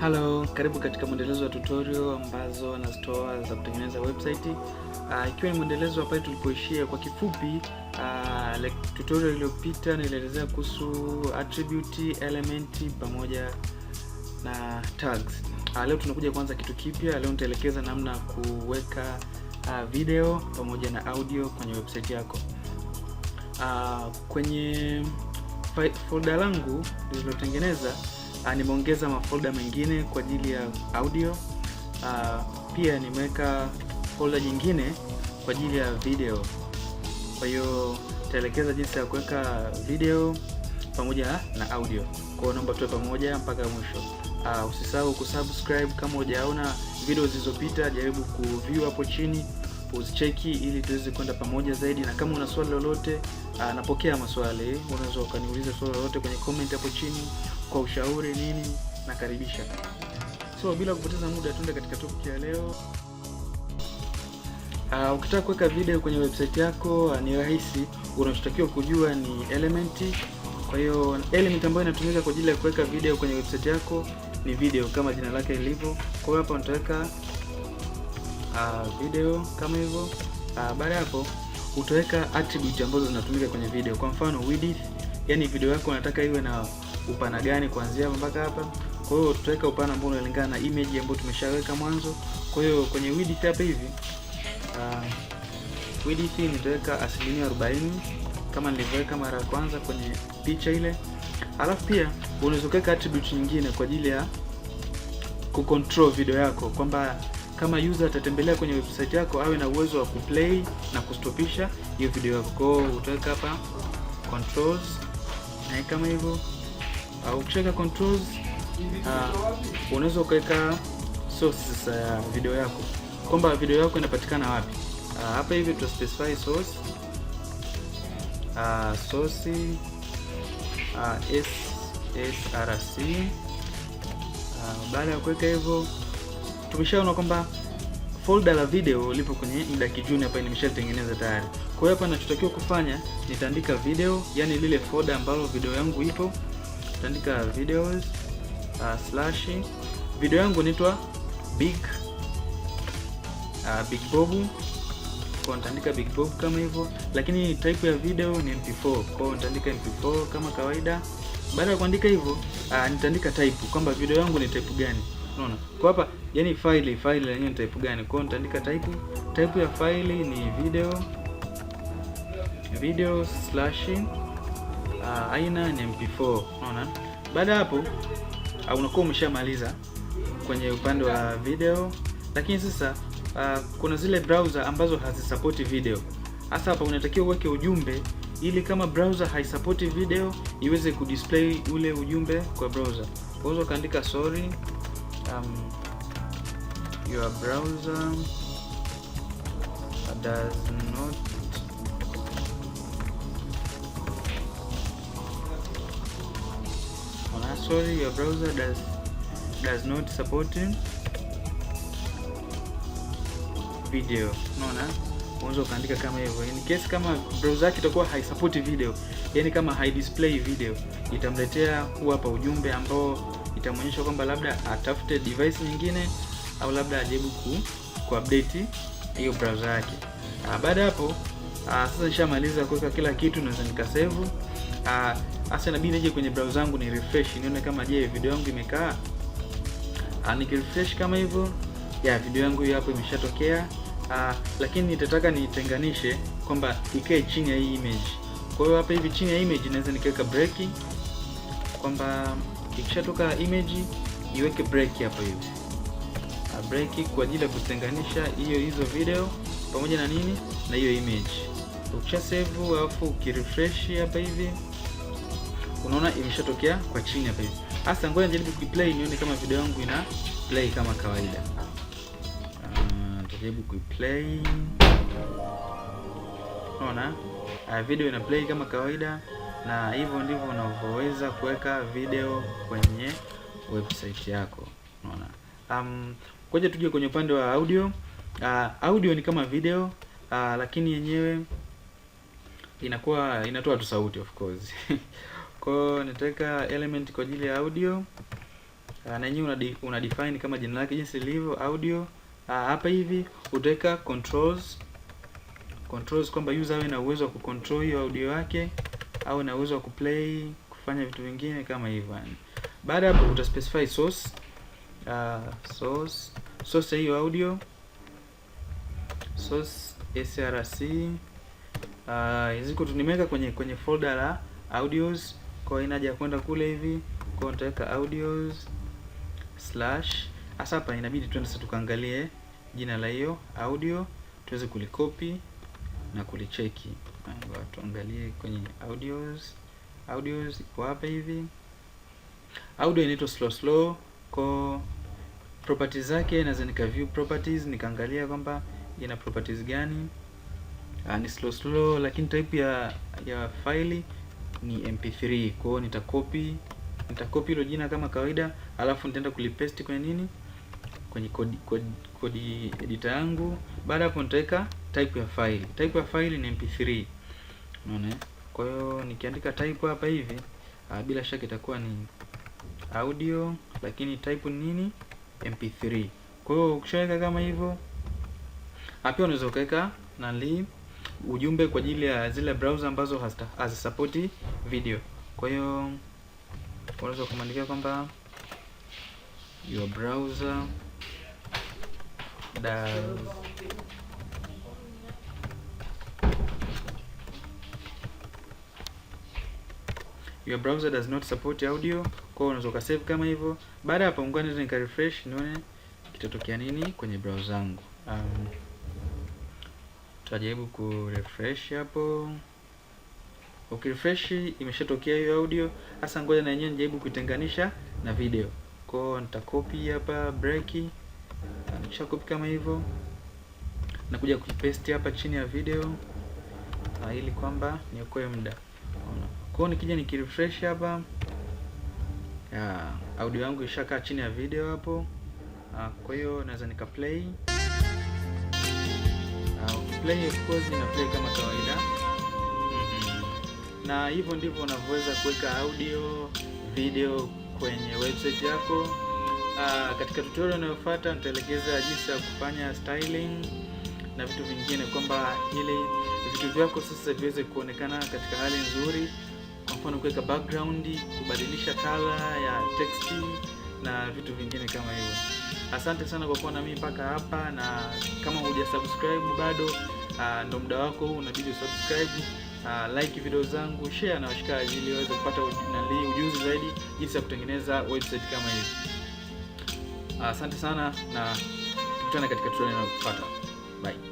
Hello, karibu katika mwendelezo wa tutorial ambazo nazitoa za kutengeneza website. Uh, ikiwa ni mwendelezo pale tulipoishia kwa kifupi, uh, ah, like tutorial iliyopita nilielezea kuhusu attribute, element pamoja na tags. Uh, leo tunakuja kuanza kitu kipya. Leo nitaelekeza namna ya kuweka uh, video pamoja na audio kwenye website yako. Uh, kwenye folder langu nililotengeneza Uh, nimeongeza mafolda mengine kwa ajili ya audio. Uh, pia nimeweka folda nyingine kwa ajili ya video. Kwa hiyo taelekeza jinsi ya kuweka video pamoja na audio. Kwa hiyo naomba tuwe pamoja mpaka mwisho. Uh, usisahau kusubscribe kama hujaona video zilizopita, jaribu kuview hapo chini uzicheki ili tuweze kwenda pamoja zaidi, na kama una swali lolote, uh, napokea maswali, unaweza ukaniuliza swali lolote kwenye comment hapo chini kwa ushauri nini, nakaribisha. So bila kupoteza muda, tuende katika topic ya leo. Uh, ukitaka kuweka video kwenye website yako uh, ni rahisi. Unachotakiwa kujua ni elementi Kwa hiyo element ambayo inatumika kwa ajili ya kuweka video kwenye website yako ni video kama jina lake lilivyo. Kwa hiyo hapa nitaweka uh, video kama hivyo. Uh, baada ya hapo utaweka attribute ambazo zinatumika kwenye video. Kwa mfano width, yani video yako unataka iwe na upana gani kuanzia hapa mpaka hapa. Kwa hiyo tutaweka upana ambao unalingana na image ambayo tumeshaweka mwanzo. Kwa hiyo kwenye width hapa hivi uh, width hii nitaweka asilimia 40 kama nilivyoweka mara ya kwanza kwenye picha ile. Alafu pia unaweza kuweka attribute nyingine kwa ajili ya kucontrol video yako kwamba kama user atatembelea kwenye website yako awe na uwezo wa kuplay na kustopisha hiyo video yako. Kwa hiyo utaweka hapa controls na kama hivyo uh, ah, ukishaweka controls uh, unaweza ukaweka source sasa ya video yako kwamba video yako inapatikana wapi. Uh, hapa hivi tuta specify source uh, source uh, SRC uh, baada ya kuweka hivyo tumeshaona kwamba folder la video lipo kwenye Mdaki Junior hapa, nimeshatengeneza tayari. Kwa hiyo hapa ninachotakiwa kufanya nitaandika video, yani lile folder ambalo video yangu ipo utaandika videos uh, slash video yangu inaitwa big uh, big bob kwa nitaandika big bob kama hivyo, lakini type ya video ni mp4, kwa nitaandika mp4 kama kawaida. Baada ya kuandika hivyo, uh, nitaandika type kwamba video yangu ni type gani. Unaona kwa hapa, yani file file lenyewe ni type gani? Kwa nitaandika type type ya file ni video video slash uh, aina ni MP4 unaona. Baada hapo uh, unakuwa umeshamaliza kwenye upande wa video, lakini sasa uh, kuna zile browser ambazo hazisupporti video. Hasa hapa unatakiwa uweke ujumbe ili kama browser haisupporti video iweze kudisplay ule ujumbe kwa browser. Unaweza ukaandika sorry um, your browser does not uh, sorry your browser does does not support video. Unaona, unaweza ukaandika kama hivyo, in yaani, case kama browser yake itakuwa haisupport video, yani kama haidisplay video, itamletea huu hapa ujumbe ambao itamwonyesha kwamba labda atafute device nyingine au labda ajaribu ku, ku update hiyo browser yake. Ah, baada hapo ah, sasa nishamaliza kuweka kila kitu, naweza nikasave. Ah, sasa inabidi nije kwenye browser yangu ni refresh nione kama je, video yangu imekaa. Ah, Niki refresh kama hivyo, ya video yangu hiyo hapo imeshatokea. Uh, lakini nitataka nitenganishe kwamba ikae chini ya hii image. Kwa hiyo hapa hivi chini ya image naweza nikiweka break kwamba ikishatoka image iweke break hapa hivi. Uh, break kwa ajili ya kutenganisha hiyo hizo video pamoja na nini na hiyo image. Ukisha save alafu ukirefresh hapa hivi unaona imeshatokea kwa chini hapa hivi. Sasa ngoja nijaribu kuiplay nione kama video yangu ina play kama kawaida. Ah, nitajaribu kuiplay. Unaona? Ah, video ina play kama kawaida na hivyo ndivyo unavyoweza kuweka video kwenye website yako. Unaona? Um, koja tuje kwenye upande wa audio. Uh, audio ni kama video uh, lakini yenyewe inakuwa inatoa tu sauti of course Kwa hiyo nitaweka element kwa ajili ya audio ah, na yenyewe una define kama jina lake jinsi lilivyo audio. Ah, hapa hivi utaweka controls controls, kwamba user awe na uwezo wa kucontrol hiyo audio yake au na uwezo wa kuplay, kufanya vitu vingine kama hivyo. Baada hapo uta specify source uh, source source hiyo audio source src uh, nimeweka kwenye kwenye folder la audios kwa hiyo ya kwenda kule hivi, kwa hiyo nitaweka audios slash. Hasa hapa inabidi tuende sasa tukaangalie jina la hiyo audio tuweze kulikopi na kulicheki. Tuangalie kwenye audios, audios iko hapa hivi. Audio inaitwa slow slow, kwa properties zake naweza nika view properties nikaangalia kwamba ina properties gani. Ah, ni slow slow, lakini type ya ya faili ni mp3 kwa nitakopi nitakopi hilo jina kama kawaida, alafu nitaenda kulipaste kwenye nini, kwenye kodi, kodi, kodi editor yangu. Baada hapo nitaweka type ya file. Type ya file ni mp3, unaona. Kwa hiyo nikiandika type hapa hivi, ah, bila shaka itakuwa ni audio, lakini type ni nini, mp3. Kwa hiyo ukishaweka kama hivyo, hapo ah, unaweza ukaweka na lib ujumbe kwa ajili ya zile browser ambazo hazisapoti video. Kwa hiyo unaweza kumwandikia kwamba your browser does your browser does not support audio. Kwa hiyo unaweza ukasave kama hivyo. Baada ya hapo, ngoja nika refresh nione kitatokea nini kwenye browser yangu um, tutajaribu ku refresh hapo. Ukirefresh imeshatokea hiyo audio. Sasa ngoja na yenyewe nijaribu kuitenganisha na video. Kwa hiyo nitakopi hapa break, nikisha copy kama hivyo, nakuja kuipaste hapa chini ya video na ah, ili kwamba niokoe muda. Kwa hiyo nikija nikirefresh hapa, ya ah, audio yangu ishakaa chini ya video hapo. Ah, kwa hiyo naweza nika play play of course na play kama kawaida mm -hmm. na hivyo ndivyo unavyoweza kuweka audio video kwenye website yako. Aa, ah, katika tutorial inayofuata nitaelekeza jinsi ya kufanya styling na vitu vingine, kwamba ili vitu vyako sasa viweze kuonekana katika hali nzuri, kwa mfano kuweka background, kubadilisha color ya text na vitu vingine kama hivyo. Asante sana kwa kuwa na mimi mpaka hapa, na kama huja subscribe bado, ah, ndo muda wako huu, unabidi usubscribe, ah, like video zangu, share na washikaji ili waweze kupata nalii ujuzi zaidi jinsi ya kutengeneza website kama hivi Asante sana na tukutane katika tutorial inayofuata. Bye.